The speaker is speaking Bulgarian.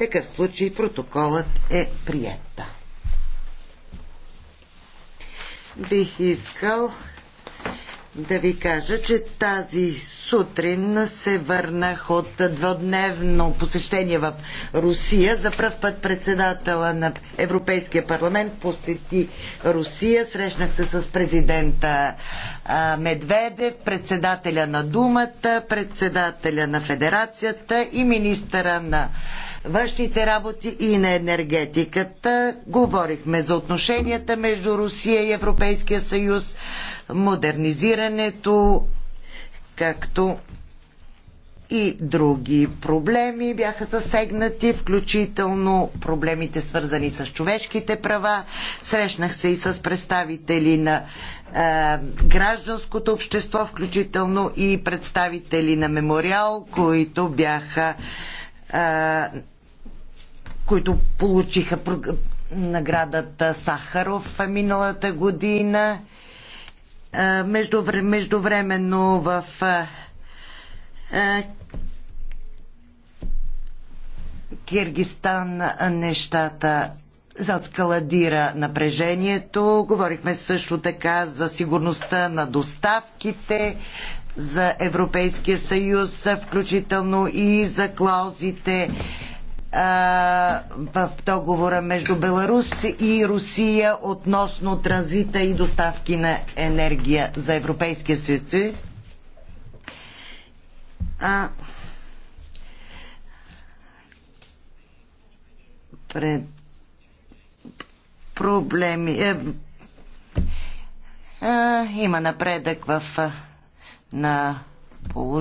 такъв случай протоколът е прият. Бих искал да ви кажа, че тази сутрин се върнах от двудневно посещение в Русия. За първ път председателя на Европейския парламент посети Русия. Срещнах се с президента Медведев, председателя на Думата, председателя на Федерацията и министъра на външните работи и на енергетиката. Говорихме за отношенията между Русия и Европейския съюз, модернизирането, както и други проблеми бяха засегнати, включително проблемите свързани с човешките права. Срещнах се и с представители на е, гражданското общество, включително и представители на мемориал, които бяха е, които получиха наградата Сахаров миналата година междувременно в Киргистан нещата заскаладира напрежението. Говорихме също така за сигурността на доставките за Европейския съюз, включително и за клаузите в договора между Беларус и Русия относно транзита и доставки на енергия за Европейския съюз. А, пред проблеми. Е, е, има напредък в е, на положението.